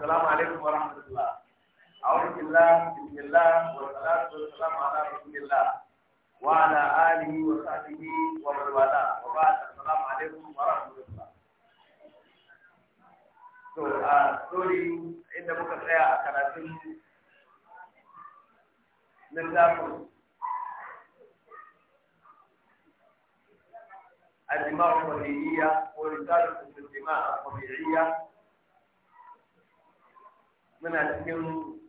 السلام عليكم ورحمة الله أعوذ بالله بسم الله والصلاة والسلام على رسول الله وعلى آله وصحبه ومن والاه وبعد السلام عليكم ورحمة الله آه، سوري a بك inda muka tsaya الدماغ karatun الطبيعية ورسالة الدماغ الطبيعية من الحلم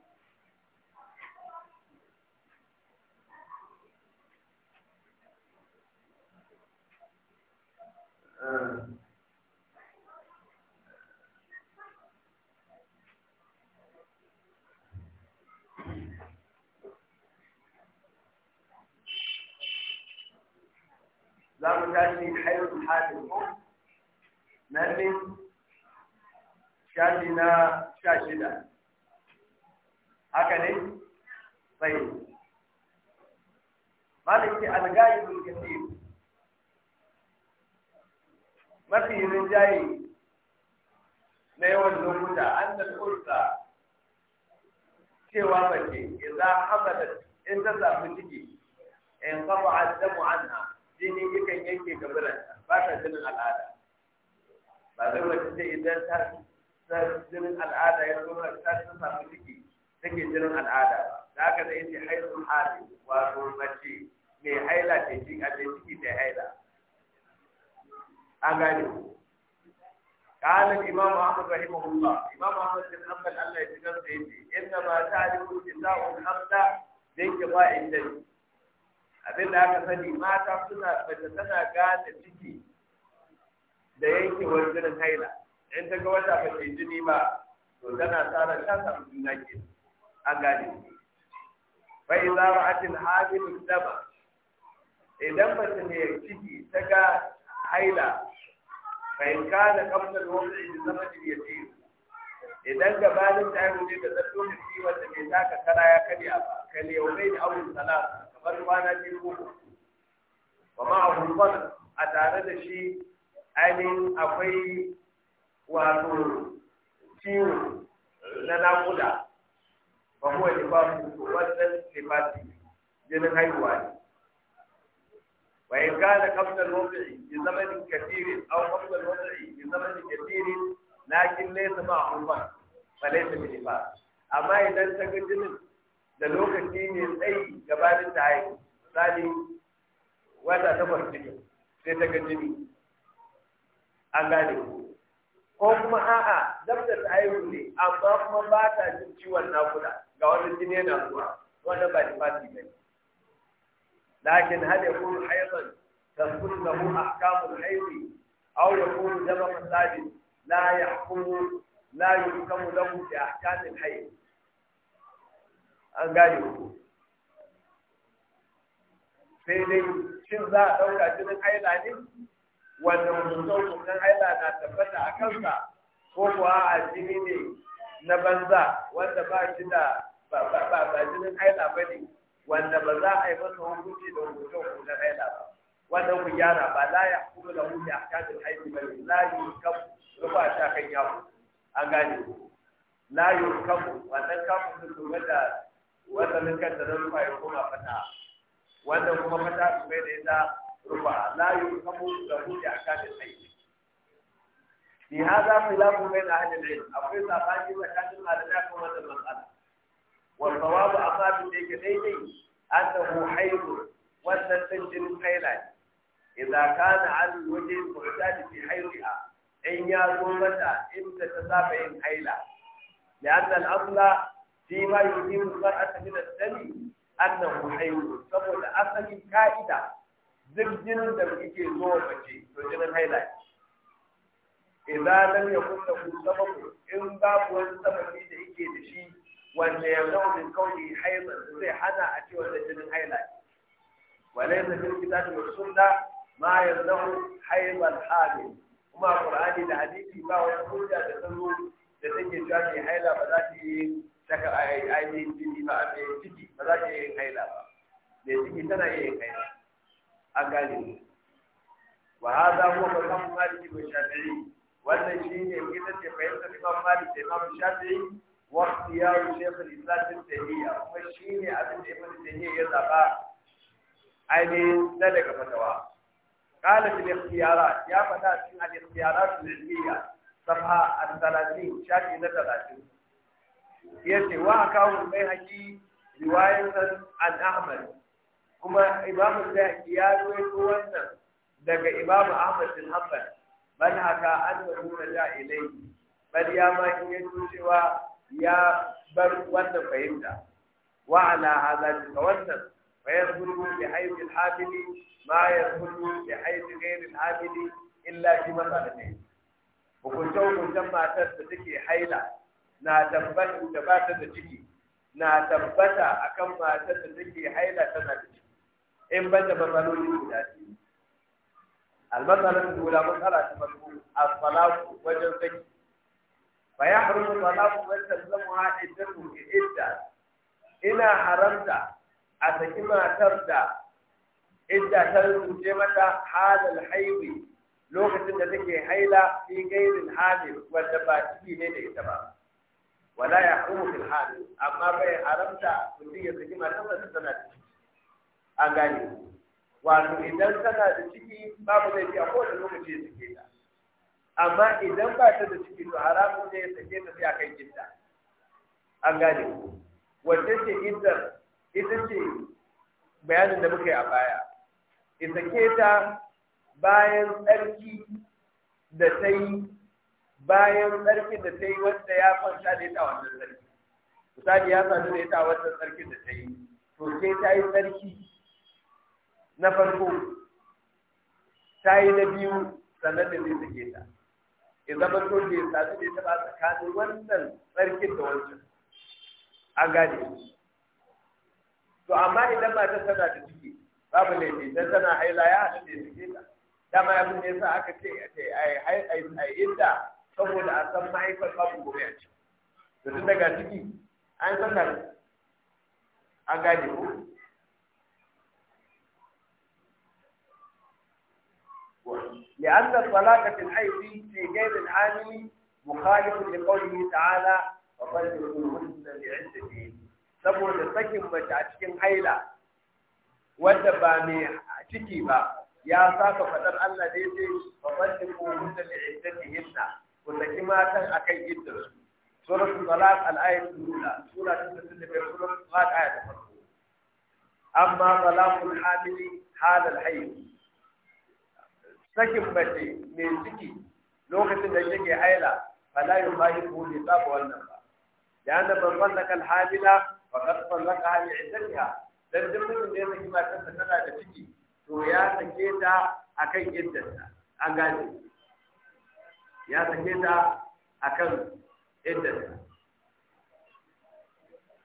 لا مجالي حير حالكم مرن شاشنا شاشنا haka ne sai maliki al gaibul kathir mafi rinjaye na yawan lokuta an da tsurta cewa mace idza hamalat in ta samu ciki in qaba adamu anha jini yakan yanke gabaranta ba ta jinin al'ada ba zai mace idan ta jinin al'ada ya zo ta samu ciki take jinin al'ada ba da aka zai ce haihu hali wato mace mai haila ta shi a ta ciki ta haila an gane kana imam Muhammad rahimahullah imam Muhammad bin Hanbal Allah ya ji nan da yake inna ma ta'lamu kitabu hamda dai ke ba inda abin da aka sani mata suna bata tana gane ciki da yake wajen haila in ta ga wata ba ta jini ba to tana tsara shan abin da yake A gane bai za ra'atin hamilun daba idan mace ne ciki ta ga haila bai ka da kamtar wanda ya zama ya ce idan gabanin ta yi ne da zarto da shi wanda bai taka kara ya karya ba ka ne wani da abin salat kamar kwana biyu ko ba ma a a tare da shi ainihin akwai wato ciwo na nakuda fa huwa libasu wannan libasi jinin haihuwa ne wa in kana qabla al-wadi bi zamanin kathirin aw qabla al-wadi bi zamanin kathirin lakin laysa ma'ahu ba fa laysa bi libas amma idan ta ga jinin da lokaci ne gabanin ta haihu wata sai ta an gane ko kuma a'a dabda ta haihu ne amma kuma ba ta jin ciwon nakuda ga wani jini yana zuwa wannan ba nifasi ba ne lakin hal da mu tasbur lahu ahkamul hayd aw yakun dama fasadin la yahkumu la da lahu da kamun hayd an gane ku sai dai shin za a ɗauka jinin haila ne wanda mutum haila na tabbata a kansa ko kuwa a jini ne na banza wanda ba shi da ba ba ba jinin haila ba ne wanda ba za a yi masa hukunci da hukunci hukuncin haila ba wanda ku gyara ba la ya kuma da hukunci a kafin haiti ba ne la yi kafu rufa ta kan yawo an gane la yi kafu wannan kafu su kuma da wanda linkan da na rufa ya koma fata wanda kuma fata su mai da ita rufa la yi kafu da hukunci a kafin haiti في هذا خلاف بين اهل العلم او اذا قال لك ان هذا كما المساله wal sawabu asabi da yake daidai annahu hayru wannan din jinin haila ne idza kana an waje muhtadi fi hayriha in ya mata inda ta saba yin haila لأن الأصل فيما يثير المرأة من الدم أنه حيوان فقد أصل كائدة زبجن دم إيكي زور مجي فجن هيلا إذا لم يكن له سبب إن باب وان سبب إيكي دشي wanda ya zo min kauni haila zai hana a ce wanda jinin haila ne walai da jin kitabul sunna ma yanzu haila hamil kuma qur'ani da hadisi ba wani hujja da tsaro da take cewa mai haila ba za ta yi saka ainihin jini ba a mai ciki ba za ta yi yin haila ba mai ciki tana yi yin haila an gane wa hada huwa mazhabu da wa shafi'i wannan shine ita ce fahimtar imam malik da imam shafi'i wasu ya yi shekwa da a kuma shi ne a da ya yi da yi ya zaba ainihin da daga fatawa. ƙana da ya fi ya fata a cikin yara su da yi a saba a tsalasi shafi na tsalasi. ya ce wa a kawo mai haƙi riwayen san an ahmad kuma imamu da ya zoye su wannan daga imamu ahmadin bin ban haka an da nuna da ilai bari ya ma yi yin tushewa ya bar wannan fahimta wa ala hada ga wannan fa yanzuru bi hayy al-habili ma yanzuru bi hayy ghayr al-habili illa fi masalatin hukunce hukuncen matar da take haila na tabbata da ba ta da ciki na tabbata akan matar da take haila tana da ciki in ban da matsaloli guda biyu al-mas'alatu al-ula mas'alatu wala ula masalatu al salatu wajen saki فيحرم طلاق من تلزمها عدته عدة da حرمت أتكما تردى mata تلزم هذا الحيوي lokacin da take haila fi gairin hamil wanda ba ciki ne da ita ba wala ya kuma fil amma bai haramta mutum ya saki matar da tana da ciki gane wato idan tana da ciki babu zai a kowane lokaci ya sake ta amma idan ba ta da ciki to haramun ne ya sake ta sai akan gidda an gane ku wacce ce giddar ita ce bayanin da muka yi a baya ita ke ta bayan tsarki da ta yi bayan tsarki da ta yi wanda ya kwanta da ita wannan tsarki misali ya sadu da ita wannan tsarki da ta yi to sai ta yi tsarki na farko ta yi na biyu sannan da zai sake ta ya zama to da ya sadu da ita ba tsakanin wannan tsarkin da wancan an gane to amma idan ta tana da ciki babu laifi dan tana haila ya haɗu da suke ta dama ya bude sa aka ce ce a yi inda saboda a san mahaifar babu gobe a ce to tun daga ciki an sanar an gane ko Thank you. لأن الطلاق في الحيض في غير العامل مخالف لقوله تعالى وطلقوهن لعدتهن saboda sakin mace a cikin haila wadda ba mai ciki ba ya saka faɗar Allah da yace fa salliqu da iddatihinna ku saki matan akan iddarsu suratul talaq al-ayat al-ula farko amma talaqul hamili hal al sakin bace mai ciki lokacin da yake haila fala yi li tsaba wannan ba da anna man sallaka alhamila faqad sallaka li iddatiha dan duk mutum da yake matar sa tana da ciki to ya sake ta akan iddarta an gane ya sake ta akan iddarta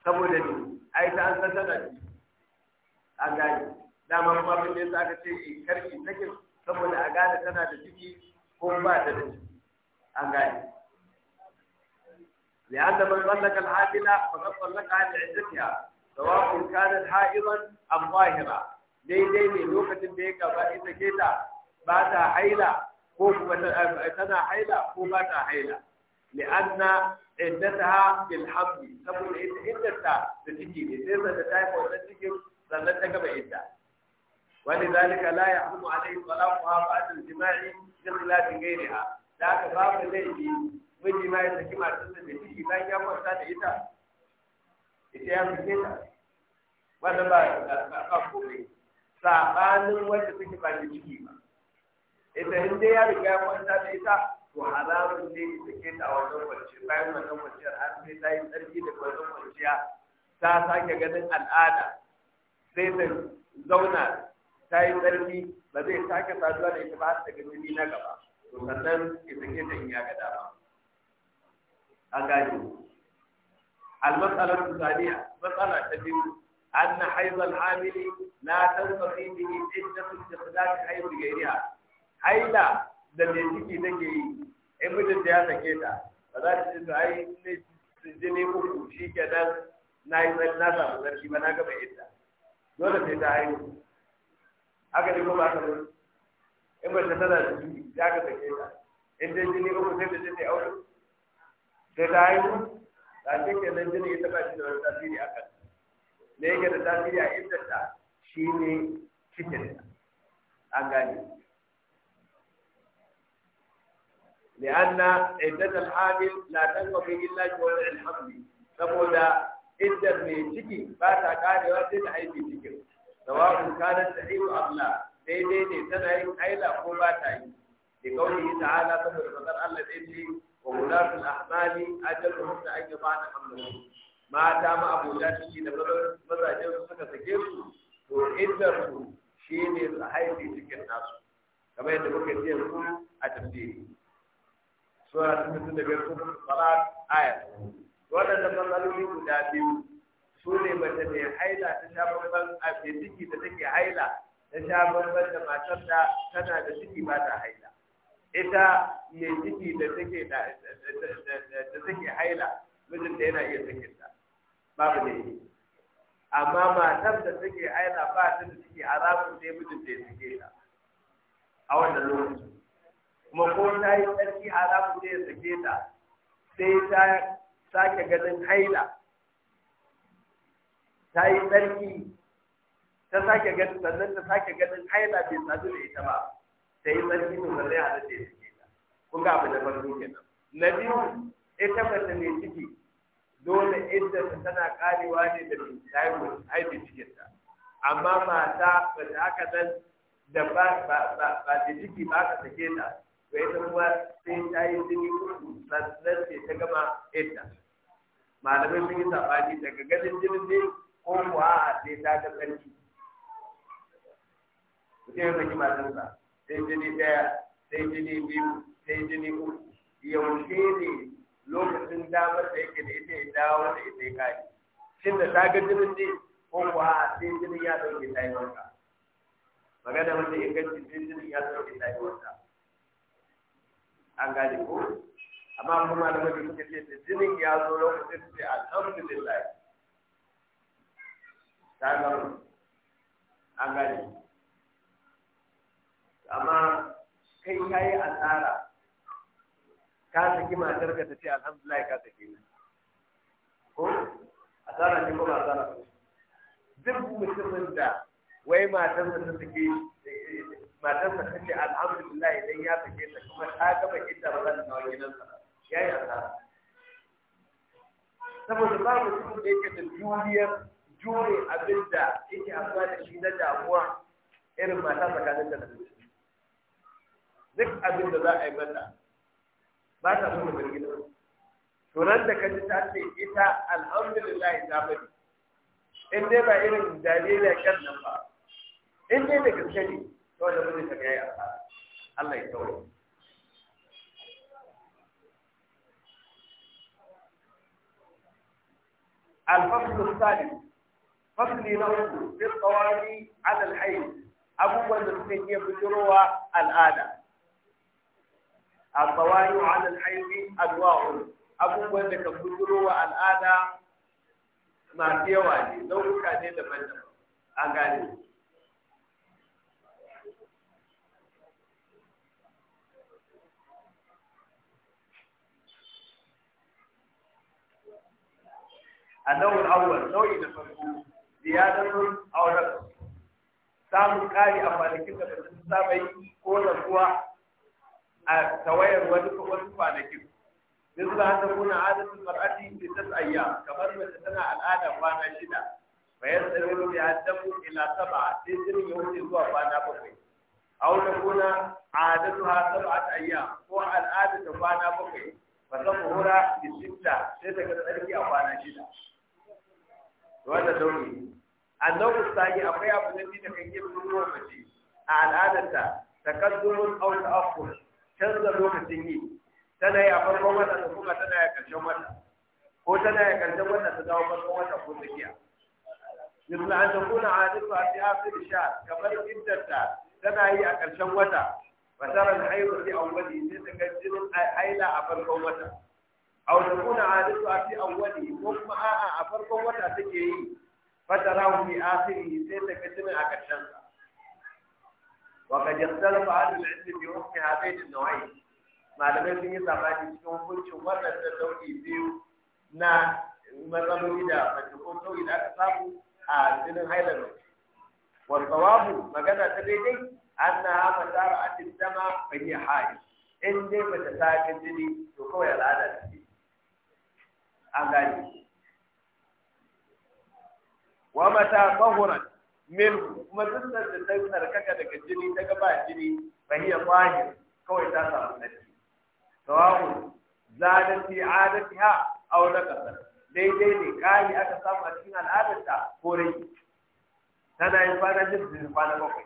saboda ni ai ta an san tana ciki an gane dama kuma abin da yasa aka ce eh, karfi sakin saboda a tana da ciki ko ba da ciki an gane li anna man zallaka al-hamila fa qad zallaka ala izzatiha sawa'un kanat ha'iman am zahira daidai ne lokacin da ya gaba ita ke ta ba ta haila ko kuma tana haila ko ba ta haila li anna iddataha bil hamli saboda ita iddata da ciki ne sai da ta yi kwanan cikin zallan ta gaba iddata ولذلك لا يحرم عليه طلاقها a الجماع بخلاف غيرها ذاك باب ليجي miji ma ya saki matarsa da ciki bayan ya kwanta da ita ita ya fi ta wanda ba ba komai sabanin wanda take ba da ciki ba ita in dai ya riga ya kwanta da ita to haramun ne ya sake ta a wajen kwanciya bayan wannan kwanciyar har ta yi tsarki da wajen kwanciya ta sake ganin al'ada sai ta zauna ta yi ƙarfi ba zai sake saduwa da ita ba ta gani na gaba to sannan ita ke in ya ga dama an gani almasalar tuzaniya matsala ta biyu an na haizal hamili na san tsofi da yi ɗin da su da su haihu da gariya haila da mai ciki da ke yi in mijin da ya sake ta ba za ta ce to ai ne su ji ne uku shi ke nan na yi zai na ba na gaba yadda dole sai ta haihu aka ji kuma aka zai in ba ta tana da jini ya ka sake ta in dai jini ko sai da jini aure sai ta haihu ta ce ke nan jini ya taba shi da wani tasiri a kan ne yake da tasiri a inda ta shi ne cikin an gane لأن عدة الحامل لا إلا الحمل saboda iddar mai ciki ba ta karewa sai ta haifi cikin sawa'un kana sahihu am la daidai ne tana yin aila ko ba ta yi da kauli ta'ala saboda fadar Allah da yake wa ulatul ahmali ajaluhum da ake ba da amrin mata ma abuja ciki da mazajen su suka sake su to iddar su ne su haifi cikin nasu kamar yadda muka ce su a tafsiri sura ta 55 salat ayat waɗannan matsaloli guda biyu su ne mace mai haila ta sha bambam a mai ciki da take haila ta sha bambam da matar da tana da ciki ba ta haila ita mai ciki da take da take haila mijin da yana iya sakin ta babu ne amma matar da take haila ba ta da ciki a rabu sai mijin da ya sake ta a wannan lokacin kuma ko ta yi tsarki a rabu sai ya sake ta sai ta sake ganin haila ta yi tsarki ta sake ganin sannan ta sake ganin haila bai sadu da ita ba ta yi tsarki ne sannan ya halatta ya ta kun ga abu da farko kenan na biyu ita mace mai ciki dole inda ta tana karewa ne da haifin cikin ta amma mata ba ta haka nan da ba da ciki ba ka sake ta ko ita kuma sai ta yi jini sannan sai ta gama ita malamai sun yi sabani daga ganin jinin ne ko ko a sai ta ga tsarki mutum ya saki sa sai jini ɗaya sai jini biyu sai jini uku yaushe ne lokacin damar da yake da ita ya dawo da ita ya kaji. shin da ta ga jinin ne ko ko a sai jini ya ɗauke ta yi wanka magana wanda inganci sai jini ya ɗauke ta yi wanka an gane ko amma kuma da mutum suka ce da jinin ya zo lokacin sai alhamdulillah tagaru an gane amma kai ka yi asara ka saki matar ka ta ce alhamdulillah ka saki ni ko asara ce ko ba asara ba duk mutumin da wai matar da ta saki matar da ta ce alhamdulillah idan ya saki ta kuma ta gaba ita ba zan ta kawo gidansa ya yi asara saboda babu mutum da yake da juriyar jure abin da yake amfani da shi na damuwa irin mata tsakanin da namiji duk abin da za a yi mata ba ta so da birgina to nan da kaji ta ce ita alhamdulillah ta bari in dai ba irin dalilin kan nan ba in dai da gaske ne to da mun ta yayi Allah ya kawo الفصل الثالث fasli na uku fil qawami ala al hayy abubuwan da suke iya fitarwa al'ada al-qawami ala al hayy adwa'u abubuwan da ka fitarwa al'ada masu yawa ne nau'uka ne daban-daban an gane النوع الأول نوع نفسه siyadar rul auren samun kari a kwanakin da ba su samu yi ko da zuwa a tawayar wani wasu kwanakin. Duk da haka kuna adadin mar'adi da ta tsayya kamar mace tana al'ada kwana shida. Bayan tsarin rul ya damu ila saba sai tsirin yi wuce zuwa kwana bakwai. A wata kuna adadin ha saba a tsayya ko al'ada da kwana bakwai. Ba mu hura da shidda sai daga tsarki a kwana shida. wannan nau'i annabu sani akwai abu na da kan yi ruwa mace a al'adarta ta takaddumun aw ta'akhur canza lokacin yi tana yi a farkon wata da kuma tana yi a ƙarshen wata ko tana yi a ƙarshen wata ta dawo farkon wata ko tsakiya misali an takuna a hadisi a fi asiri sha kamar iddarta tana yi a ƙarshen wata fasarar haihuwa ne a wani sai ta ga jinin haila a farkon wata aw takuna adatu fi awwali ko kuma a a a farkon wata take yi fatarahu fi akhirihi sai ta kace mai akashan ka wa qad yastalfa adu al-ilm bi ummi hadayn an-nawai malamai sun yi sabani cikin hukuncin wadanda sauki biyu na mazamuni da mace ko sauki da aka samu a jinin haidar wa sawabu magana ta daidai an na hama tara a cikin dama fahiyar hari in dai mace ta ga jini to kawai al'ada ta ce an wa mata tsahuran min kuma da ta tsarkaka daga jini daga ba jini bayyana tsahir kawai ta samu nafi sawa'un zadati adatiha aw nakasar daidai ne kai aka samu a cikin al'adarta ko rai tana yin kwana jin jini kwana bakwai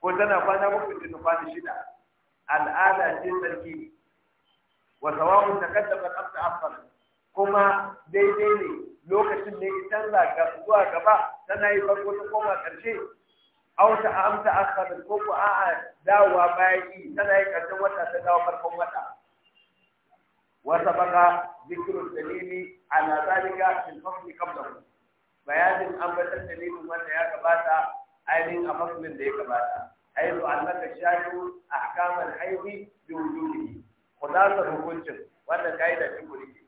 ko tana kwana bakwai jini kwana shida al'ada ce sarki ne wa sawa'un takaddama qabla afsal kuma daidai ne lokacin da ya canza ga zuwa gaba tana yi farko ta koma ƙarshe auta amsa akhadar ko a a'a dawowa baya ki tana yi ƙarshen wata ta dawo farkon wata wata baka zikirun dalili ala zalika fil da qablahu bayanin ambatan dalilin wanda ya gabata ainihin a musulun da ya gabata a حيث علمك الشارع أحكام الحيض بوجوده hukuncin الحكم وأن قاعدة da ne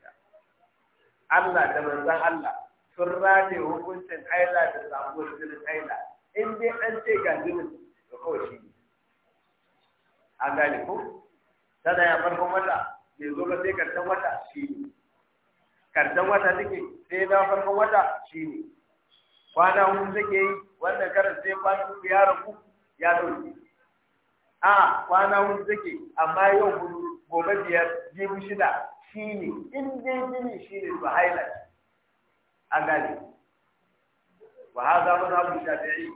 Allah da manzon Allah sun rame hukuncin haila da samuwar jinin haila in dai an ce ga jinin da kawai shi ne an gane ko tana ya farkon wata bai zo ba sai karshen wata shi ne karshen wata take sai na farkon wata shi ne kwana hun take yi wannan karan sai kwana uku ya rabu ya dauke a kwana hun take amma yau gobe biyar jibi shida shi ne in dai jinin shi ne to haila a gane wa haza mazhabu shafi'i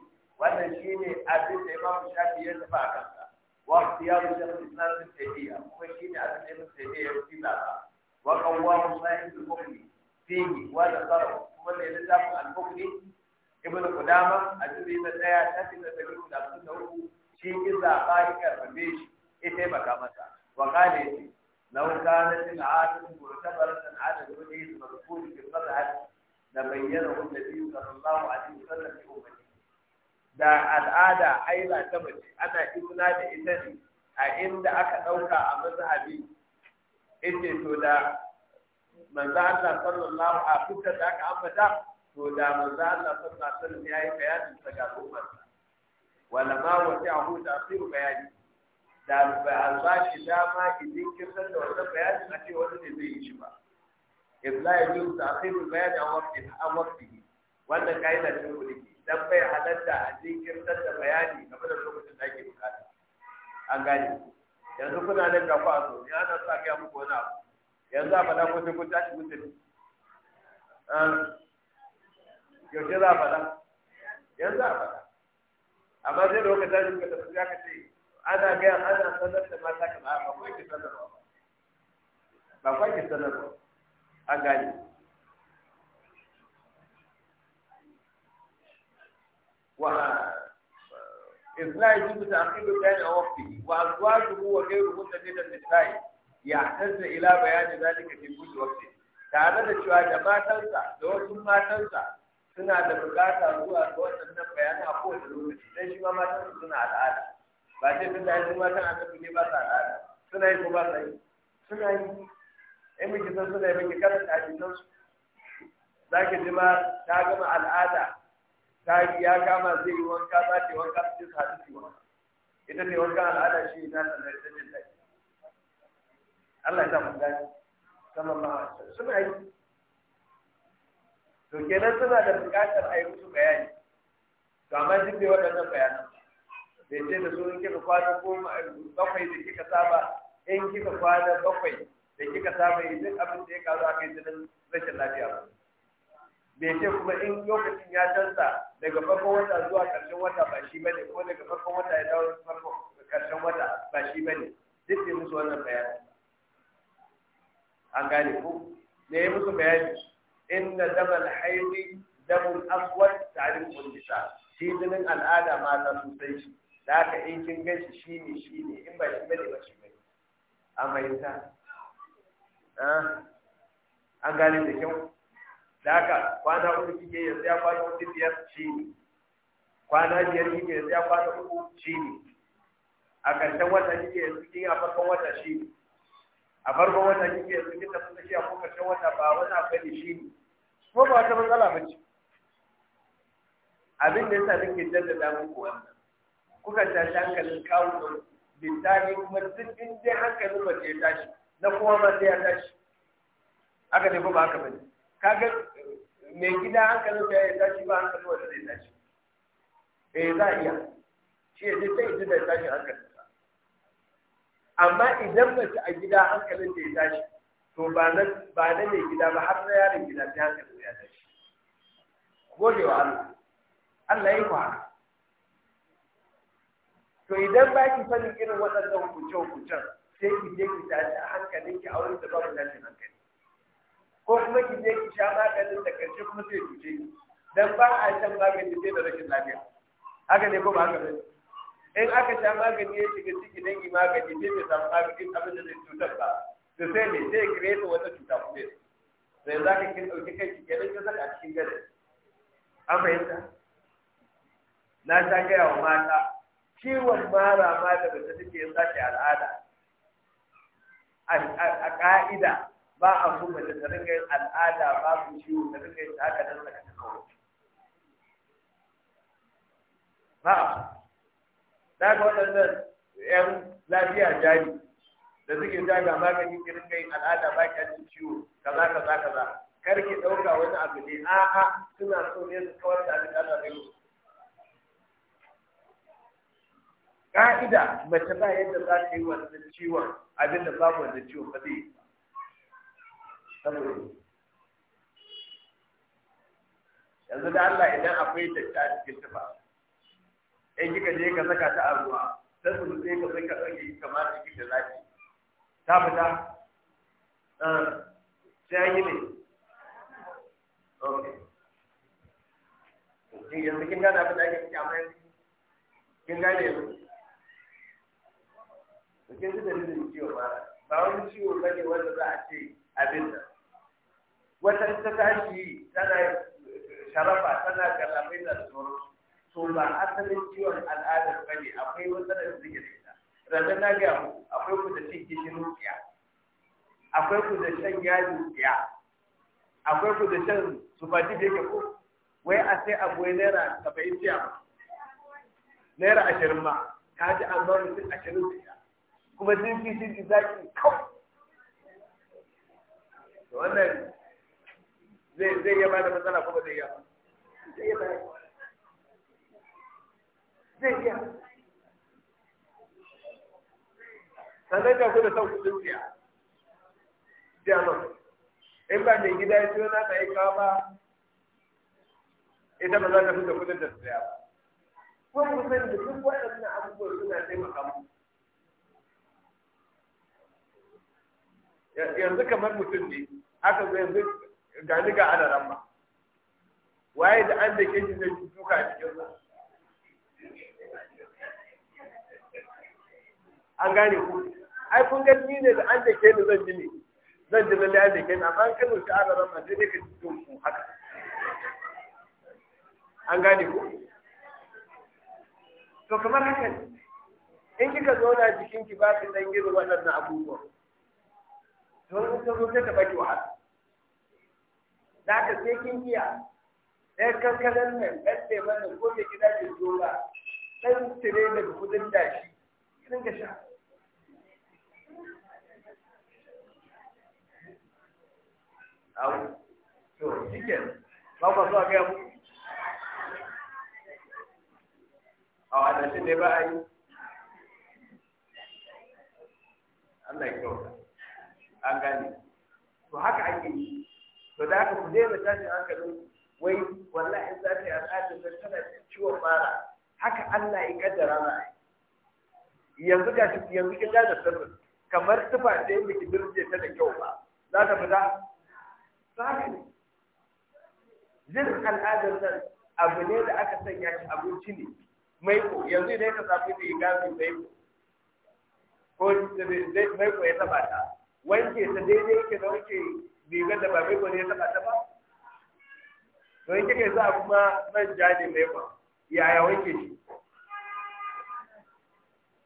wannan shi ne abin da imamu shafi ya tafi a kansa wa ikhtiyaru shaykh al-islam ibn taymiya kuma shi ne abin da ibn taymiya ya fi ba wa qawwamu sahih al-bukhari fihi wa da nasara kuma ne da zamu al-bukhari ibn qudama a cikin da daya ta fi da da da shi ki zaba ya karbe shi ita ba ka masa wa qala لو كانت العادة معتبرة على الوجه المذكور في الصفحة لبينه النبي صلى الله عليه وسلم لأمته da al'ada aila ta mace ana izina da ita ne a inda aka ɗauka a mazhabi ita to da manzo Allah sallallahu a fitar aka ambata to da manzo Allah sallallahu alaihi wasallam yayi bayanin ta ga al'umma wala ma wasi'ahu ta'sir bayani da ba ba shi dama idan kin san da wannan bayanin a ce wani ne zai yi shi ba ibla ya yi ta akhiru bayan an waqti an waqti wannan kaida ce ku dake dan bai halatta a jinkir da bayani game da lokacin da ake bukata an gane yanzu kuna nan da ku a so ya na sa ga muku wani abu yanzu a faɗa ko sai kun tashi mutum yaushe za a faɗa yanzu a faɗa amma sai da kuka tashi kuka tafi ya ka ce ana gaya ana sanar da mata ka ba ba kwai ki sanarwa ba kwai ki ba an gane wa إصلاح يجب تعقيب بيان وقته وأزواجه وغيره من النساء يحتاج إلى بيان ذلك في كل وقت tare da cewa da matansa da wasu matansa suna da bukata zuwa ga waɗannan bayanan a kowace lokaci dan shi ma matansa suna al'ada ba sai tun da an zuwa kan annabi ne ba sa al'ada suna yi ko ba sa yi suna yi in miki san suna yi miki karanta hadisan su za ki ji ma ta gama al'ada ta ya kama zai yi wanka ba ta yi wanka su ji su hadisi wanka ita ne wankan al'ada shi na sanar da jin daɗi Allah ya samu gani sallallahu alaihi wasallam suna yi to kenan suna da buƙatar a yi musu bayani to amma duk da waɗannan bayanan bai ce da sun kika kwana goma eh, bakwai da kika saba in kika kwana bakwai da kika saba eh, duk abin da ya karu a kai jinin rashin lafiya ba bai ce kuma in lokacin ya canza daga farkon wata zuwa ƙarshen wata ba shi bane ko daga farkon wata ya dawo farkon ƙarshen wata ba shi bane duk da musu wannan bayani an gane ko me ya musu bayani inna damal haidi damul aswad ta'rifu nisa shi jinin al'ada mata sosai shi da aka yi kin gan shi shi ne shi ne in ba shi bane ba shi bane mai ta ah, an gane da kyau da aka kwana uku kike yanzu ya kwana uku biyar shi ne kwana biyar kike yanzu ya kwana uku shi ne a ƙarshen wata kike yanzu kin a farkon wata shi ne a farkon wata kike yanzu kin tafi tafiya ko ƙarshen wata ba wani abu ne shi ne ko ba wata matsala ba ce abin da yasa nake jaddada muku wannan kuka tashi hankalin kawo bittani kuma duk in dai hankalin ba ya tashi na kowa ma sai ya tashi aka tafi ba aka bane kaga eh, mai gida hankalin ba ya tashi ba hankalin wanda zai tashi eh za a iya shi ya sai sai da tashi hankalin sa amma idan su a gida hankalin da ya tashi to ba na ba na mai gida ba har na yaron gida sai hankalin ya tashi gode wa Allah Allah ya yi ku haka to idan ba ki sanin irin waɗannan hukuncen hukuncen sai ki je ki tashi a hankali ki a wurin da babu tashin hankali ko kuma ki je ki sha maganin da ƙarshe kuma sai ki je dan ba a shan magani sai da rashin lafiya haka ne ko ba haka ne in aka sha magani ya shiga ciki dan yi magani sai bai samu magani abin da zai cutar ba to sai ne sai kireta wata cuta ne sai za ka kin ɗauki kai ki kenan ka saka a cikin gare an fahimta na sha gaya wa mata ciwon mara ma da ta take yin sake al'ada a ƙa'ida ba a kuma da ta yin al'ada ba su ciwo ta ringa yin haka da daga ta kawai ba a da ga waɗannan 'yan lafiya jari da suke ta ga magani ki yin al'ada ba ki ji ciwo kaza kaza kaza kar ki dauka wani abu ne a'a suna so ne su kawar da abin Allah bai ka'ida mace ba yadda za ta yi wannan ciwon abin da babu wannan ciwon ba zai yi yanzu da Allah idan akwai da ta cikin tufa in kika je ka saka ta a ruwa ta su sai ka sai ka sake kamar da kika zaki ta fita eh, sai yi ne yanzu kin gane abin da ake kyamai kin gane yanzu to ke ji dalilin ciwon ba ba wani ciwo ba ne wanda za a ce abin nan wata ta tashi tana sharafa tana galabai da sauransu to ba asalin ciwon al'adar ba ne akwai wata da zuke da ita ranar na gaya mu. akwai ku da cin gishirin tsiya akwai ku da shan yajin tsiya akwai ku da shan zubaji da yake ko wai a sai abu wai naira saba'in ba? naira ashirin ma ka ji an ba mutum ashirin tsiya kuma sun fi sun fi zaki kawai wannan zai zai iya bada matsala kuma zai iya zai iya zai iya sannan da ku da sauƙi duniya jamus in ba mai gida ya ce na ta yi kawo ba ita ba za ta fi da kudin da su ya ba kuma kusan sani da duk suna abubuwan suna taimaka mu yanzu kamar mutum ne aka zo yanzu ga ni ga ana ramma waye da an da ke shi zai duka a cikin ruwa? an gane ku ai kun ga ni ne da an da ke ni zan ji ne zan ji lalle an da ke ni amma an kano shi ana ramma sai ne ka ji ku haka an gane ku to kamar haka ne in kika zauna jikinki ba ki dan irin waɗannan abubuwan don in ta zo sai ta baki wahala da haka sai kin iya ɗan kankanan nan ɗan teman nan ko mai gida ke zo ba ɗan tire daga kudin dashi kin ga sha abu to shi ba ku zuwa gaya muku a wadanda ne ba a yi Allah ya kyauta an gane to haka ake yi to da haka ku daina tashin hankalin wai wallahi in za ta yi al'adar da tana ciwon mara haka Allah ya kaddara na yanzu ga shi yanzu kin ga da sirri kamar tufa ce miki dirje ta da kyau ba za ta fita saka ne jin al'adar nan abu ne da aka sanya shi abinci ne ko yanzu idan ka zafi da igafi maiko ko ko ya taba ta wanke ta daidai yake da wanke rigar da ba mai ya taba ta ba to in kike za kuma man jaji mai ba yaya wanke shi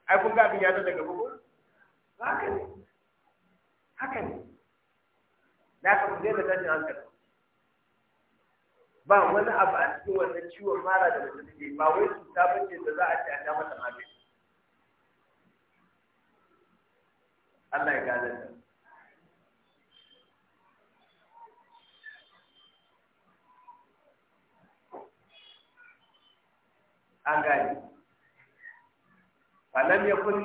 ai kun ga abin zan daga bugu haka ne haka ne Na ka kuje da tashin hankali ba wani abu a cikin wannan ciwon mara da mutum ke ba wai cuta bace da za a ce a ja mata magani Allah ya gane ta angaji falam yakun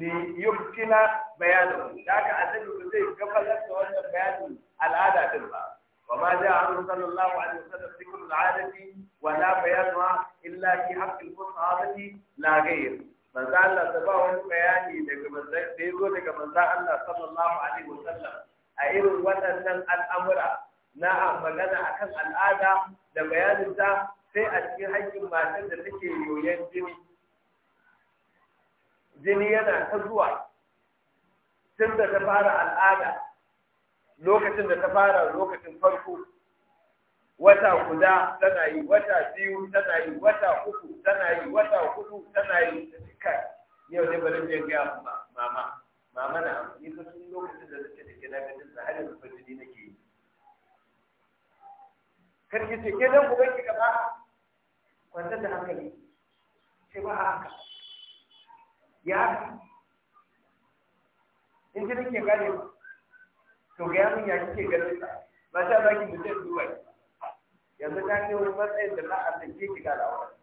li yuktina bayanu daga annabi ba zai gabatar da wannan bayani al'ada ɗin ba wa ma ja'a an sallallahu alaihi wa sallam fi kulli adati wa la bayanu illa fi haqqi al-fusahati la ghayr manzo Allah ta ba wani bayani daga manzo da yazo daga manzo wa sallam a irin waɗannan al'amura na magana akan al'ada da bayanin ta sai a cikin haƙƙin matan da take yoyon jini jini yana ta zuwa tun da ta fara al'ada lokacin da ta fara lokacin farko wata guda tana yi wata biyu tana yi wata uku tana yi wata hudu tana yi ta cika yau ne bari zai gaya mama mama na amfani ta sun lokacin da take da gina ganin da har yanzu fajiri nake yi ki ce ke dan ku ganki gaba kwantar da ne sai ba a haka ya in ji nake gane to ga yamin ya kike ganin ta ba ta zaki mu zai duba yanzu ta kai wani matsayin da za a sake ki galawa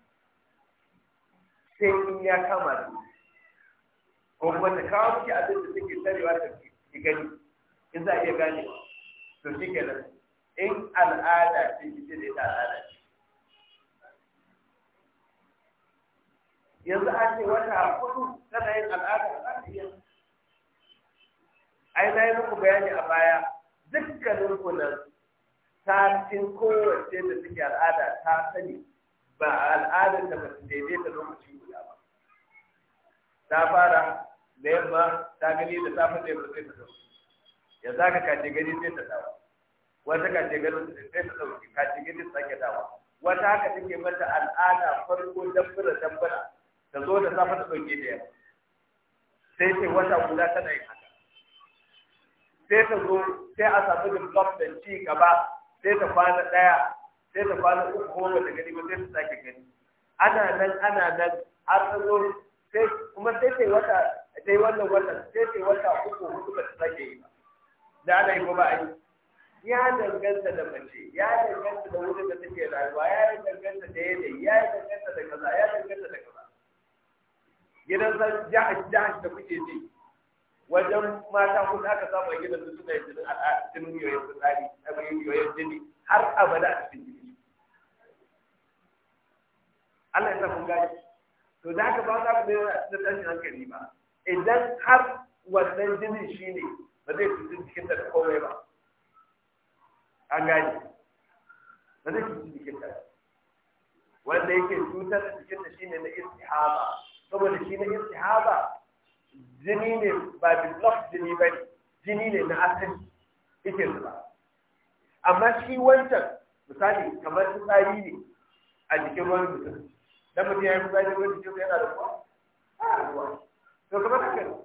sai in ya kama ki ko kuma ta kawo miki abin da take tarewa ta ki gani in za a iya gane to shi kenan in al'ada ce ki ce da ita al'ada ce yanzu an ce wata hudu tana yin al'ada za ta iya ai na yi muku bayani a baya dukkanin ku nan satin kowace da suke al'ada ta sani ba al'adar da mace daidai da lokaci guda ba ta fara da yamma ta gani da safe da yamma sai ta dauki ya za ka kace gani sai ta dawo wata kace gani sai ta dauki kace gani sai ta dawo wata haka take mata al'ada farko dabbara dabbara ta zo da zafa ta ɗauke da yawa sai ce wata guda tana yi haka sai ta zo sai a samu da ci gaba sai ta kwana ɗaya sai ta kwana uku ko wata gani ba sai ta sake gani ana nan ana nan har ta zo sai kuma sai ta yi wata ta yi wannan watan sai ta yi wata uku hudu ba ta sake yi ba da ana yi kuma a yi ya danganta da mace ya danganta da wurin da take rayuwa ya danganta da yanayi ya danganta da kaza ya danganta da kaza gidan a jahashi da kuke ji wajen mata kuma aka samu a gidan su suna yin jinin al'ada jinin yoyon fitsari a yoyon jini har abada a cikin jini Allah ya sa kun gani to da haka ba za ku a cikin tashin hankali ba idan har wannan jinin shi ne ba zai fi cikin da komai ba an gani ba zai fi cikin da wanda yake cutar da cikin da shi ne na istihaba saboda shi na istihaba jini ne ba block jini ba jini ne na asali yake zuba amma shi wancan misali kamar fitsari ne a jikin ruwan mutum dan mutum ya yi fitsari ruwan jikin yana da ruwa a ruwa to kamar haka ne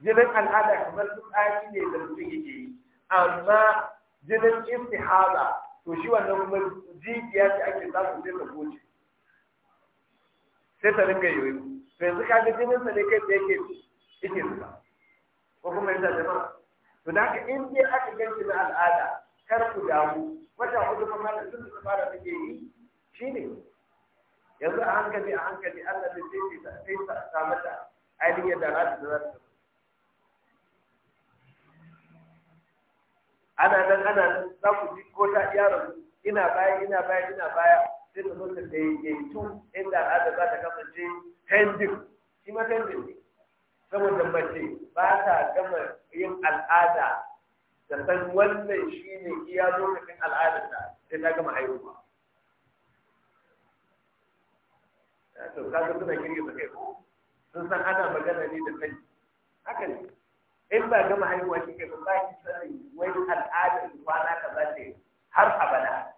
jinin al'ada kamar fitsari ne da mutum yake yi amma jinin istihaba to shi wannan kuma jijiya ce ake samun sai ta goce sai ta ringa yoyo yanzu ka ga jinin sa ne kai da yake yake zuba ko kuma yanda jama'a to da haka in dai aka ganci na al'ada kar ku damu wata hudu kuma da sun da fara take yi shine yanzu a hankali a hankali Allah zai sai ta sai ta ta mata ainihin yadda za ta zama ana nan ana nan za ku ji ko ta iya ina baya ina baya ina baya sai da zo ta daidaitu inda al'adar za ta kasance hendin shi ma hendin ne saboda mace ba ta gama yin al'ada da san wannan shi ne iya lokacin al'adarta sai ta gama haihuwa to kaga suna kirge su kai ko sun san ana magana ne da kai, haka ne in ba gama haihuwa shi ke ba ki sani wani al'adar kwana kaza ce har abada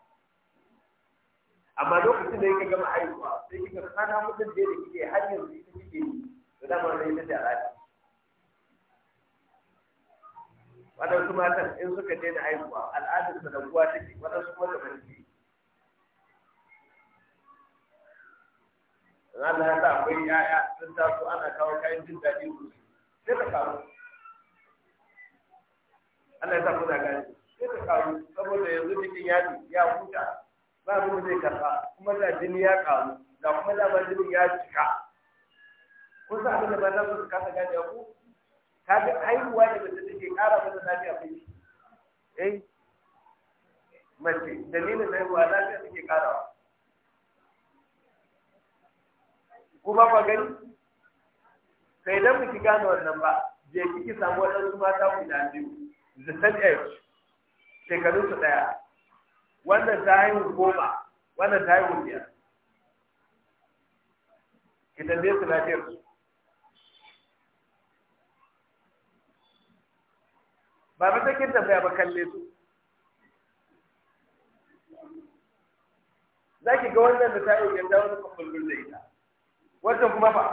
amma lokacin da yake gama haihuwa sai kika kana mutum da yake kike har yanzu ita kike yi to da mun rai da alati wadansu matan in suka daina haihuwa al'adar da kuwa take wadansu kuma da banki Allah ya haka akwai yaya, sun taso ana kawo kayan jin daɗi su sai ta kawo Allah ya sa kuna gani sai ta kawo saboda yanzu cikin yaji ya huta ba abin da zai karba kuma da jini ya karu da kuma da jini ya cika kun san abin da ba za su kasa gane ku ka ga haihuwa da mace take kara mata lafiya ko eh mace dalilin haihuwa lafiya take karawa ku ba ba gani sai dan miki gane wannan ba je kiki samu wadansu mata guda biyu the same age shekarun su daya wannan ta yi goma wannan ta yi biyar ki tambaye su lafiyar su ba ba ta kin ba kalle su za ki ga wannan da ta yi yadda wani kwakwalwar da ita wannan kuma ba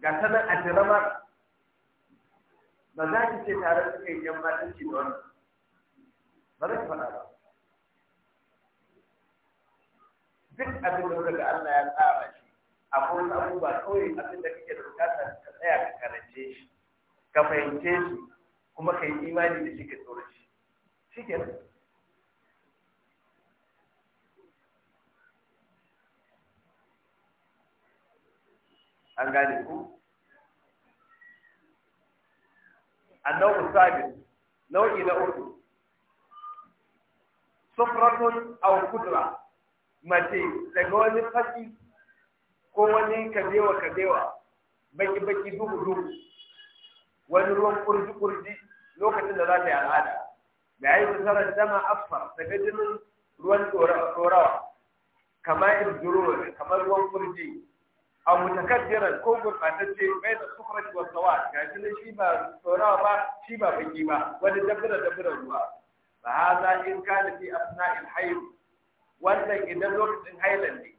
ga sanar a jirama ba za ki ce tare da kai yan matan ci da ba za ki faɗa ba duk abin da daga Allah ya tsara shi akwai wasu abubuwa kawai abin da kake da bukata ka tsaya ka karance shi ka fahimce shi kuma ka yi imani da shi ka tsoro shi shi kenan an gane ku annabu sabit nau'i na uku sufratun aw kudra mace daga wani fasi ko wani kadewa kadewa baki baki duhu duhu wani ruwan kurji kurji lokacin da za ta yi al'ada da yi kusurar dama afar daga jinin ruwan tsorawa kamar irduro kamar ruwan kurji a mutakaddiran ko gurbatacce bai da sukurat wa sawa ga jinin shi ba tsorawa ba shi ba baki ba wani dabbira dabbira ruwa Ba fa za in kana fi asna'il hayd wannan idan lokacin hailan ne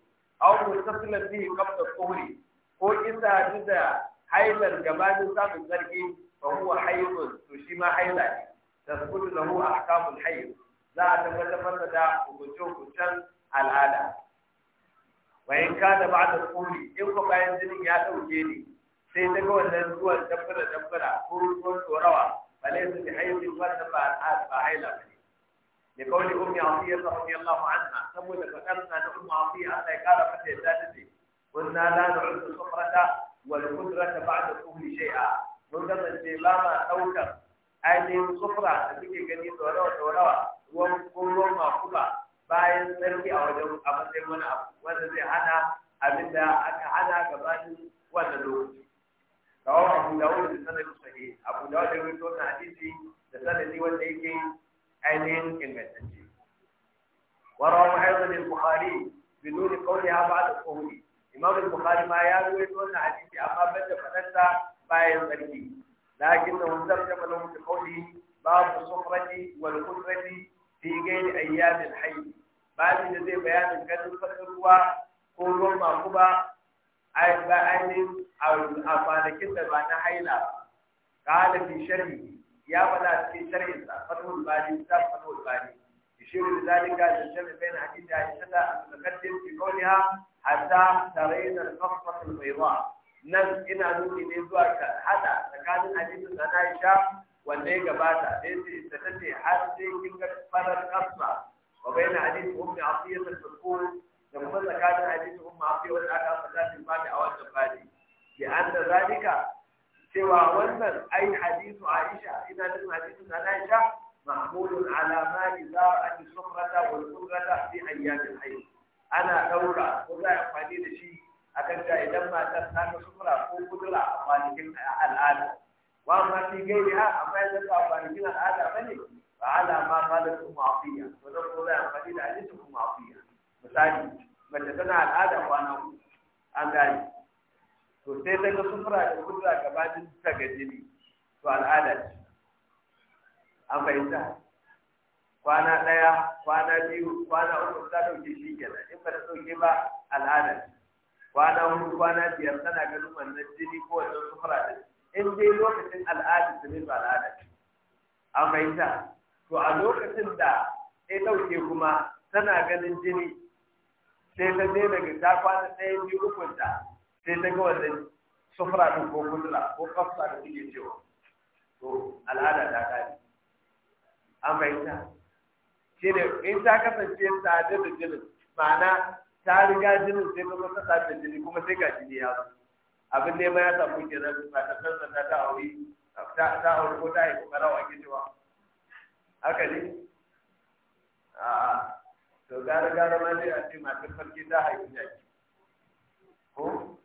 aw mutasilan bihi qabla tuhri ko isa da hailan gabanin samun sarki fa huwa hayyun to shi ma haila ne tasbutu lahu ahkamul hayy za a tabbatar da hukuncin al'ada wa in ka da ba'da tuhri in ko bayan jinin ya dauke ni, sai ta ga wannan zuwan dabbara dabbara ko ruwan tsorawa balai su bi wannan ba al'ada haila ne da kawai ummi asiya radiyallahu anha saboda fadarsa da ummi asiya Allah ya kara mata yadda take kunna la nu'tu sufrata wal qudrata ba'da kulli shay'a mun ga sai ba ma daukar ainihin sufra da kike gani dorawa dorawa ruwan ruwan makuba bayan sarki a wajen a matsayin wani abu wanda zai hana abinda aka hana gabanin wannan lokaci kawo abu dawud da sanadin sahih abu dawud da rawaito na hadisi da sanadi wanda yake ainihin ingantacce warawan ayyukan al-bukhari bi nuni da ba'da qawli imam bukhari ma ya rawaito wannan hadisi amma ban da fadarsa bayan sarki lakin da wannan da da qawli babu suhrati wal qudrati fi ghairi ayyam al-hayy babu da zai bayanin ganin fakar ruwa ko ruwan makuba ba ainihin a kwanakin da ba na haila قال في شرحه ya faɗa cikin sharhin sa fatul bani da fatul bani يشير لذلك الجمع بين حديث عائشة المتقدم hatta قولها al ترين al-bayda nan ina nuni ne zuwa ka hada tsakanin hadisi da Aisha wanda ya gabata da yace ta tace har sai kin ga fadar kasma wa bayan hadisi ummi asiyat al-fuqul da kuma tsakanin hadisi ummi asiyat wanda aka fada cikin babi a wannan bani bi anna zalika cewa wannan ai hadisu Aisha ina nufin hadisu na Aisha mahmudun ala ma idza an sumrata wal qurrata fi ayyamin hayy ana daura ko za a amfani da shi akan ta idan matar ta ga sumra ko kudura a kwanakin al'ada wa ma fi gairiha amma idan ba kwanakin al'ada bane fa ala ma qalat ummu afiya to dan ko za a amfani da hadisu ummu afiya misali mace tana al'ada kwana an gani to sai ta ga sufura da kudura gabanin ta ga jini to al'ada ce an fahimta kwana ɗaya kwana biyu kwana uku ta ɗauke shi kenan in ba ta ɗauke ba al'ada ce kwana hudu kwana biyar tana ganin wannan jini ko wannan sufura da in dai lokacin al'ada ta ne ba al'ada ce an fahimta to a lokacin da ta ɗauke kuma tana ganin jini sai ta daina ga ta kwana ɗaya biyu ukunta sai ta ga da sufura ɗin ko kudula ko kafsa da kuke cewa to al'ada ta kare an fahimta shi ne in ta kasance tsadar da jinin ma'ana ta riga jinin sai kuma ta tsadar da jini kuma sai ga jini ya zo abin da ya samu kenan ba ta san ta auri, ta auri ko ta yi kokara wa ake cewa haka ne a to gara gara ma dai a ce masu farki ta haifi jaki ko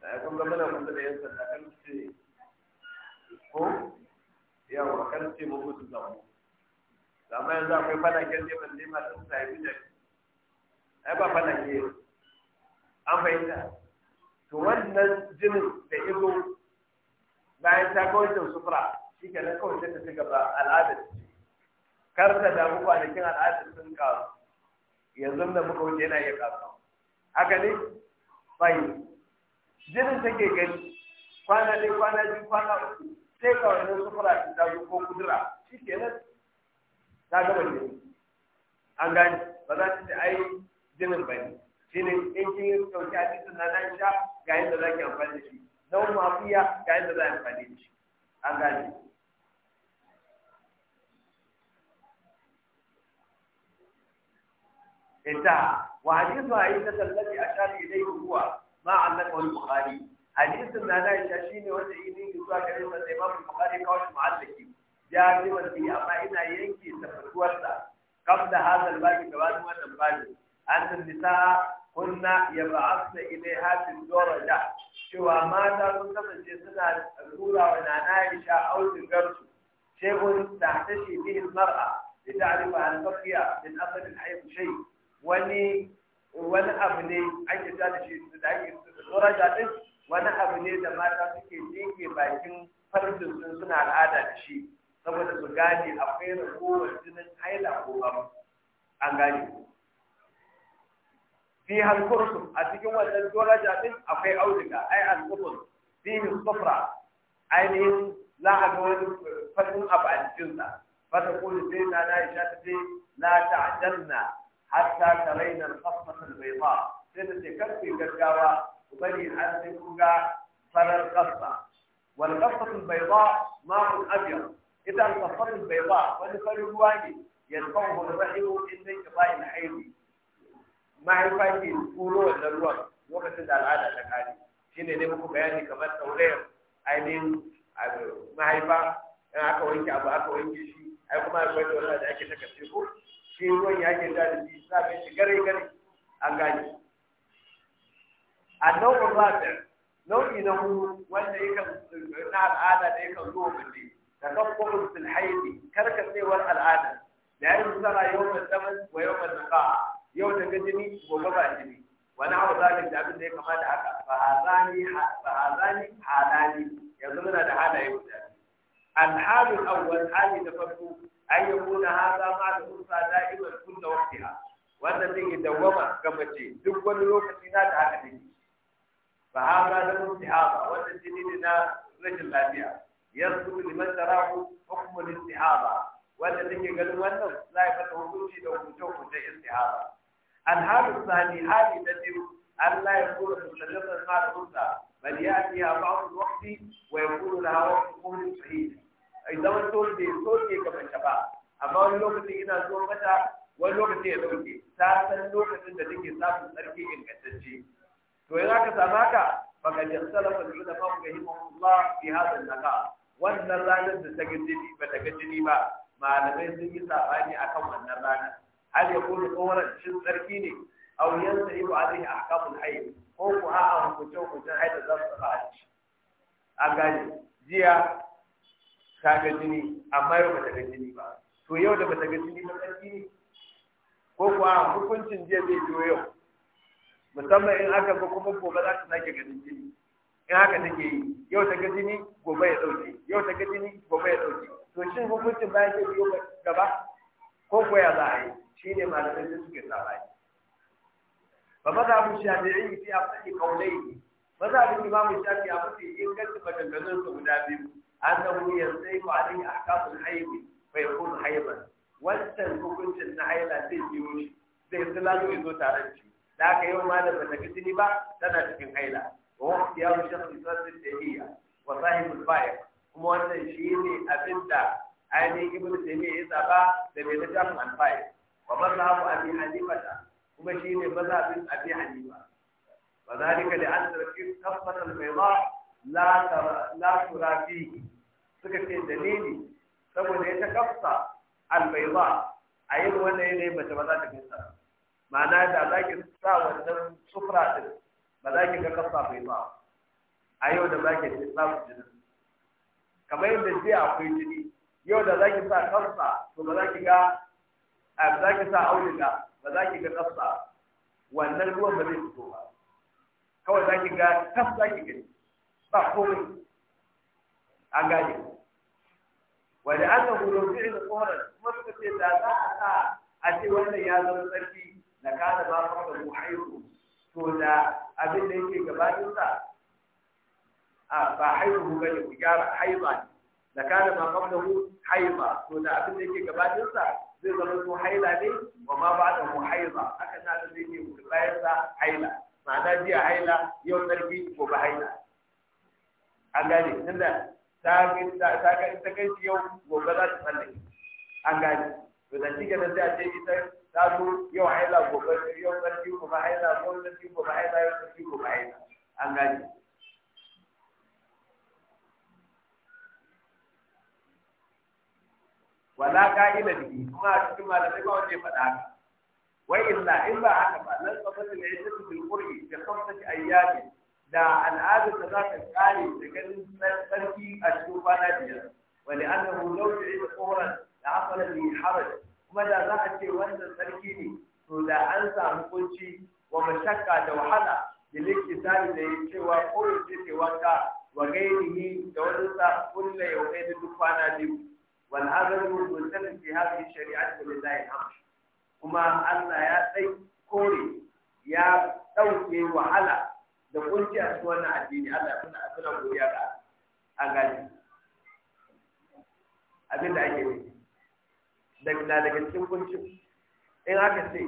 Eh, kun ga muna kusa da yan sanda kan ce ko yawa kan ce mu mutu da mu amma yanzu akwai fana falaken ne ban nema sun sami da ai ba falake an fahimta to wannan jinin da izo bayan ta kawai da sufura shi ke nan kawai ta ci gaba al'adar kar ta damu kwanakin al'adar sun karu yanzu da muka wuce yana iya karu. haka ne fahimta jinin take gani kwana ne kwana biyu kwana uku sai ka wannan sufura ta dago ko kudura shi nan ta gaba ne an gani ba za ta ce ai jinin ba ne Jinin in kin yi ɗauki a cikin na nan sha ga yadda za ki amfani da shi Nau mafiya ga yadda za a amfani da shi an gane انتهى وحديث عائشة الذي أشار إليه هو ma allaka wani bukhari hadisin na na isha shine wanda yini zuwa gare sa sai babu bukhari kawai mu'allaki ya ji wanda amma ina yanke tafasuwar sa da hadha al-babi gabanin wannan babi an nisa kunna yab'athna ilayha bil daraja cewa mata sun kasance suna rura wa nana Aisha audin garsu shekun da ta shi bihin mar'a da ta alifa alfaqiya min asalin alhayy shay wani wani abu ne ake sa da shi da ake tsoraja din wani abu ne da mata suke ke bakin farjin sun suna al'ada da shi saboda su gane akwai ragowar jinin haila ko ba an gane fi hankursu a cikin wannan tsoraja din akwai auduga ai kubur fi sufra ainihin za a ga wani farin abu a jikinsa fata kuli sai na na isha ta sai na ta'ajanna hatta tarayna al-qasmata al-bayda sai da ce kar ku gaggawa ku bari har sai farar qasma wal qasmatu al-bayda ma'un abyad ita al-qasmatu al-bayda wani farin ruwa ne yalqahu al-rahimu inda yabani aini mahaifa ke turo wannan ruwan lokacin da al'ada ta kare shine ne muku bayani kamar taurayar ainihin mahaifa in aka wanke abu aka wanke shi ai kuma da ake ta ko shi ruwan ya ke da shi sa mai shi gare gare an gani a nau'in rafiyar nau'i na hudu wanda yakan na al'ada da yakan zo mutum da kan kuma sulhaidi wani al'ada da ya yi sana yau da tsaman wa yau da zaka yau daga jini gobe ba jini wani abu zalim da abin da ya kamata haka zani ba a zani halali yanzu muna da halaye guda An halu awwal hali da farko an yakuna hadha ma da kusa unsa da'iman kunna waqtiha wanda zai dawama ga mace duk wani lokaci na da haka take fa hadha da kusa istihaba wanda jini ne na rashin lafiya yanzu liman tarahu hukmul istihaba wanda take ganin wannan za ya fata hukunci da hukunce hukunce istihaba alhalu sani hali da biyu Allah ya kula da musallamar ma da unsa bal ya'tiha ba'd waqti wa yakunu laha waqtu qawlin sahih alkawari bai soke ga mace ba amma wani lokacin ina zo mata wani lokacin ya dauke ta san lokacin da take samun tsarki ingantacce to yanzu ka samu haka baka ji salafa da ulama ku rahimahullah fi hadha naka wannan ranar da ta ni ba ta ni ba malamai sun yi sabani akan wannan ranar hal ya kulu tsoron shin tsarki ne aw yansahibu alaihi ahkamul hayd ko ku a'a hukuncin hukuncin hayd da za su faɗa a gane jiya ta ga jini amma yau ba ta ga jini ba to yau da ba ta ga jini ba tsarki ne ko kuwa hukuncin jiya zai zo yau musamman in aka ga kuma gobe za ta sake ganin jini in haka take yi yau ta ga jini gobe ya dauke yau ta ga jini gobe ya dauke to shin hukuncin bayan ke biyo gaba ko ya za a yi shi ne malamai da suke sabani ba maza abu yi fi a faɗi kaulai maza abu imamu shafi'i a faɗi ingancin maganganun su guda biyu أنه ينطيق عليه أحكام الحيض فيكون حيضا wancan hukuncin na haila zai biyo shi zai fi lalu ya zo taron shi da aka yau ma da bata jini ba tana cikin haila wa wasu ya wuce su sassin da wa sahibul bayan kuma wannan shi ne abin da ainihin ibnu taymiya ya zaba da mai littafin alfayar wa kuma shi ne mazhabin abi hanifa وذلك لأن الركيب كفة البيضاء la turafi suka ce dalili saboda ya ta kafsa albaiwa a yin wannan yanayin mace ba za ta gaisa ma'ana da za ki sa wannan sufura din ba za ki ga kafsa bai ba a yau da za ki ce samun jinin kamar yadda jiya akwai jini yau da za ki sa kafsa to ba za ki ga a za ki sa auduga ba za ki ga kafsa wannan ruwan ba zai fito ba kawai za ki ga kafsa ki gani ba komai an gane wanda an ga hulun fi'il qawlan da za a sa a ce wannan ya zama tsarki na kana ba mu da muhairu da abin da yake gabanin sa a ba hairu bane ku gyara haiba da kana ba qablahu haiba to da abin da yake gabanin sa zai zama ko haila ne wa ma ba da muhaiza haka na da zai yi bayan sa haila ma'ana jiya haila yau tsarki ko ba haila an gane tunda ta kai ta kai shi yau gobe za ta tsallake an gane to da shi kenan sai a ce ita ta zo yau haila gobe yau sarki gobe haila yau ko gobe haila yau sarki gobe haila an gane wala ka ka'ila bihi kuma a cikin malamai ba wanda ya faɗa haka wai illa in ba haka ba lan qabata al-iddatu bil qur'i bi khamsati ayyamin da al'adar da za ta kare da ganin sarki a cikin kwana biyar wani an da hulau da ita da hasala da kuma da za a ce wannan sarki ne to da an samu kunci wa mashakka da wahala da lake tare da yi cewa kowai ce ke wanka wa ne da wani sa kulla ya kai da duk kwana biyu wal azar mun mutsalin fi hadhihi shari'ati lillahi hamd kuma Allah ya tsai kore ya dauke wahala da kurki a cikin wannan addini Allah suna suna godiya ga a gani abin da ake yi daga na daga cikin kunci in aka ce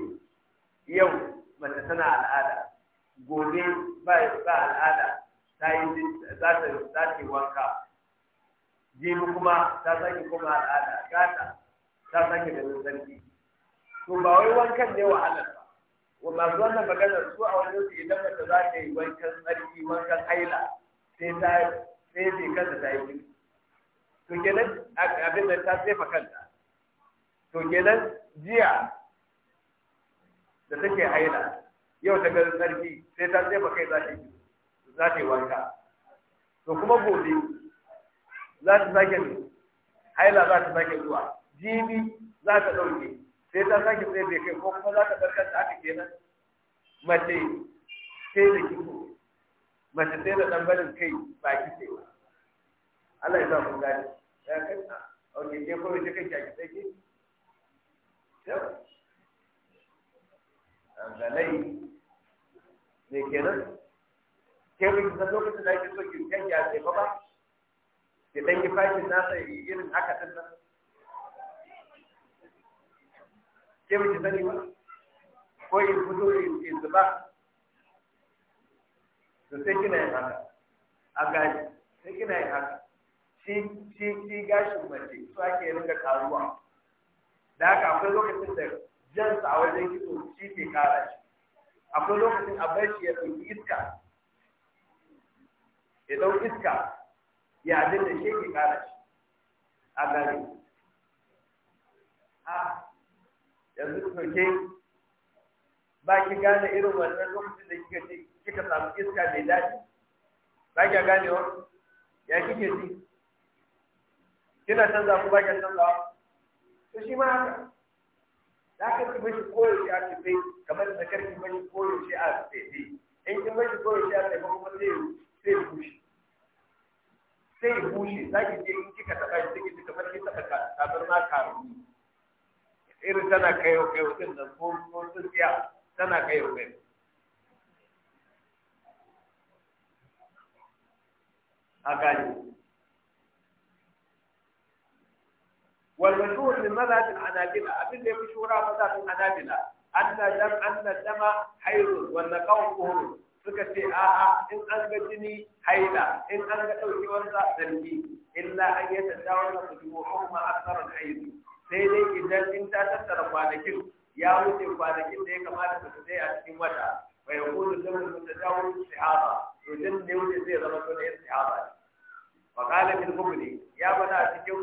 yau mace tana al'ada gobe ba ba al'ada ta yi za ta za ta wanka jibi kuma ta sake kuma al'ada gata ta sake da sarki to ba wai wankan ne wahalar ba masu wannan maganar su a wajen su idan mace za ta yi wankan tsarki wankan haila sai ta sai bai kanta ta yi to kenan abin da ta tsefa kanta to kenan jiya da take haila yau ta gari tsarki sai ta tsefa kai za ta yi za ta yi wanka to kuma gobe za ta sake haila za ta sake zuwa jibi za ta ɗauke sai ta sake tsaye bai kai ko kuma za ta barkar ta aka kenan mace sai da kiko mace sai da dan barin kai ba sai ba Allah ya sa mun gane ya kai a ok ke ko ke kai ki sai ki galai ne kenan ke mun da lokacin da kike so ki kai ya sai ba ki dan ki fakin nasa irin haka din nan ke ba ki sani ba ko in fito in zuba to sai kina yin haka a gaji, sai kina yin haka shi shi shi gashin mace su ake rinka karuwa da haka akwai lokacin da jansa a wajen kitso shi ke kara shi akwai lokacin a bar shi ya ɗauki iska ya ɗau iska ya abin shi ke kara shi a gari a ah, yanzu soke ba ki gane irin wannan lokacin da kika ce kika samu iska mai daɗi ba ki gane wa ya kike ji kina canza ku ba ki canza wa to shi ma haka da aka ci mashi koyaushe a tafe kamar da karki mashi koyaushe a tafe in kin mashi koyaushe a tafe kuma sai sai bushe sai bushe za ki je in kika taɓa shi sai ki kamar ki taɓa tabar ma karuni irin tana kayo kayo din nan ko ko tsiya tana kayo kayo haka ne والمشهور من مذهب الحنابلة أبن لي مشهورة مذهب الحنابلة أن دم أن الدم حيض والنقاء طهور suka ce a'a in an ga jini haila in an ga ɗaukewar sa zargi illa an yi tadda wannan sai dai idan in ta tattara kwanakin ya wuce kwanakin da ya kamata ta tsaye a cikin wata bai ta ta mutadawwil istihaba to din ne wuce zai zama to ne istihaba wa qala bil mubni ya bada a cikin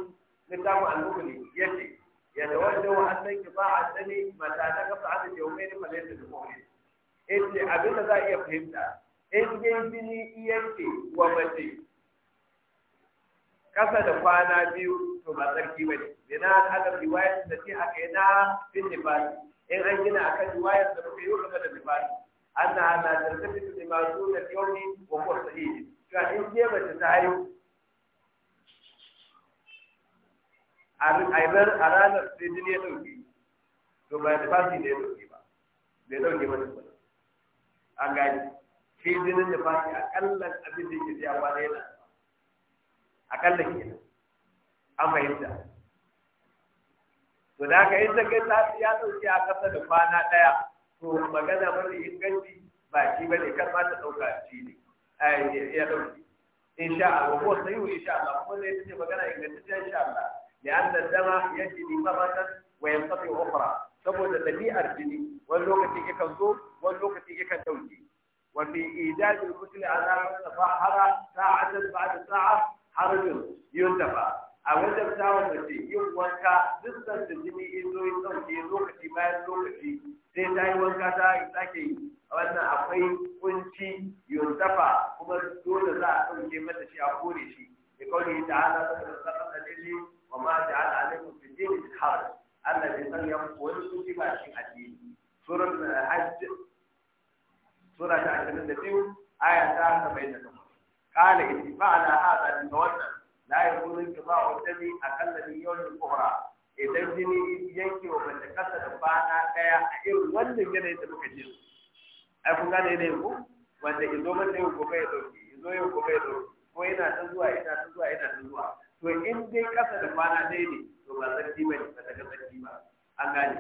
littafin al mubni yace ya tawajjahu an sai qita'at dani mata ta kafa hada yawmayn fa da bil mubni abin da za a iya fahimta in dai jini iyanke wa mace kasa da kwana biyu to ba tsarki bane ina kada riwayat da ce aka yana bin nifasi in an gina akan riwayat da muka yi kada da nifasi Ana la tartabitu masu ma'zun al-yawmi ko huwa sahih ka in ke ba ta haihu a ranar sai jini ya ɗauki to ba da fasi da ya ɗauki ba bai ɗauke ba an a gani sai da fasi akalla abin da yake ya kwana yana akalla kenan an fahimta to da ka in ta kai ta ya dauke a kasa da kwana daya to magana mafi inganci ba shi bane kan ma ta dauka shi ne ya dauke insha Allah ko sai insha Allah ko ne ce magana ingantacce insha Allah لأن الدم يجري مرة وينقطع أخرى saboda ɗabi'ar jini wani lokaci kan zo wani lokaci yakan dauke wa fi idad al-kutli ala mutafahara sa'atan ba'da sa'a harbin yin dafa a wajen tawon da yin wanka duk da jini in yi sauke lokaci bayan lokaci sai ta yi wanka ta yi sake yi wannan akwai kunci yin dafa kuma dole za a sauke mata shi a kore shi da kawai ta hana ta da sakon da jini wa ma ta hana alaikum fi jini da harbi Allah bai san muku wani kunci ba shi jini Surat eh, Hajj, Sura ta ashirin da biyu, aya ta saba'in da takwas. قال إذ فعل هذا المتوسل لا يكون انقطاع الدم أقل من يوم الأخرى idan jini yanke wa kasa da bana daya a irin wannan yanayin da muka ji ai kun gane ne ku wanda izo mace yau gobe ya dauki izo yau gobe ya dauki ko yana ta zuwa yana ta zuwa yana ta zuwa to in dai kasa da bana dai ne to ba sarki ba ne ba ta ga sarki ba an gane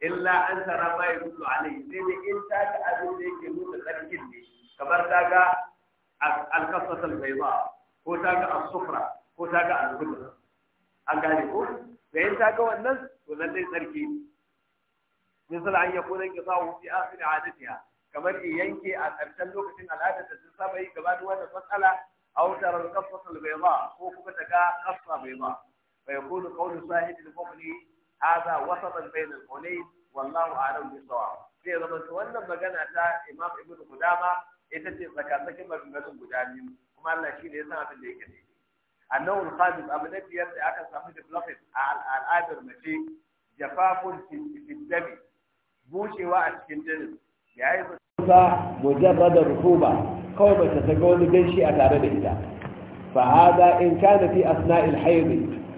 illa an tara ma ya gudu alai sai dai in ta ga yake nuna sarkin ne kamar ta ga al-qasas al-bayda ko ta ga as ko ta ga al an gane ko da yin ta ga wannan to lallai tsarki misal an yakuna inqita'u fi akhir 'adatiha kamar in yanke a ƙarshen lokacin al'adar da sun saba yi gaba da wannan matsala aw tara al-qasas al ko kuma ta ga qasra bayda fa yakunu qawlu sahib al-mughni هذا وسطا بين القولين والله اعلم بالصواب sai zama wannan magana ta imam ibnu kudama ita ce tsakatsakin maganganun guda biyu kuma Allah shi ne ya san abin da yake ne annawul khamis abu na biyar da aka samu development a al'adar mace jafafun fiddami bushewa a cikin jinin ya yi ba da rukuba kawai mace ta ga wani ganshi a tare da ita fa in kana fi asna'il hayd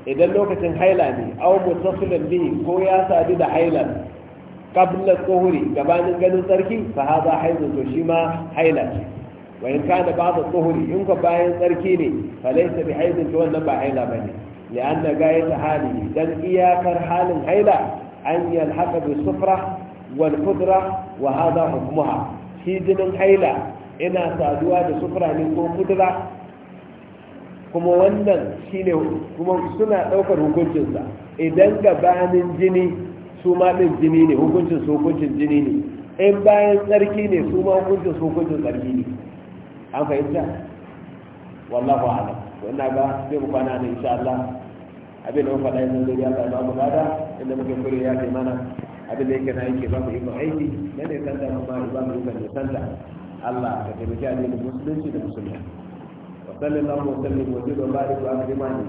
idan lokacin haila ne aw mutasilin bihi ko ya sadu da hailan qabla tsohuri gabanin ganin tsarki fa haza haidu to shi ma haila ce wa in kana ba'da tsohuri in bayan tsarki ne fa laysa bi to wannan ba haila bane li'anna gayata hali dan iyakar halin haila an yalhaqa bi sufra wal qudra wa hadha hukmuha shi jinin haila ina saduwa da sufra ne ko kudura kuma wannan shine kuma suna daukar hukuncinsa idan gabanin jini su ma ɗin jini ne hukuncin su hukuncin jini ne in bayan tsarki ne su ma hukuncin su hukuncin tsarki ne an fahimta wallahu a'lam wannan ga zai mu kwana ne insha Allah abin da faɗa yanzu zai ya ba mu bada inda muke kure ya ce mana abin da yake na yake ba mu yi aiki na ne santa kuma ba mu yi santa Allah ka taimaki addinin musulunci da musulmi wa sallallahu wa sallim wa sallam wa a wa akrimani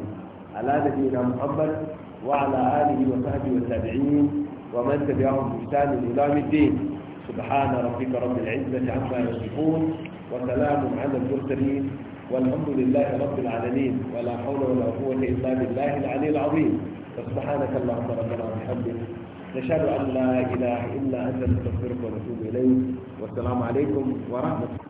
ala nabiyina muhammad وعلى آله وصحبه والتابعين ومن تبعهم بإحسان إلى الدين سبحان ربك رب العزة عما يصفون وسلام على المرسلين والحمد لله رب العالمين ولا حول ولا قوة إلا بالله العلي العظيم فسبحانك اللهم ربنا وبحمدك نشهد أن لا إله إلا أنت نستغفرك ونتوب إليك والسلام عليكم ورحمة الله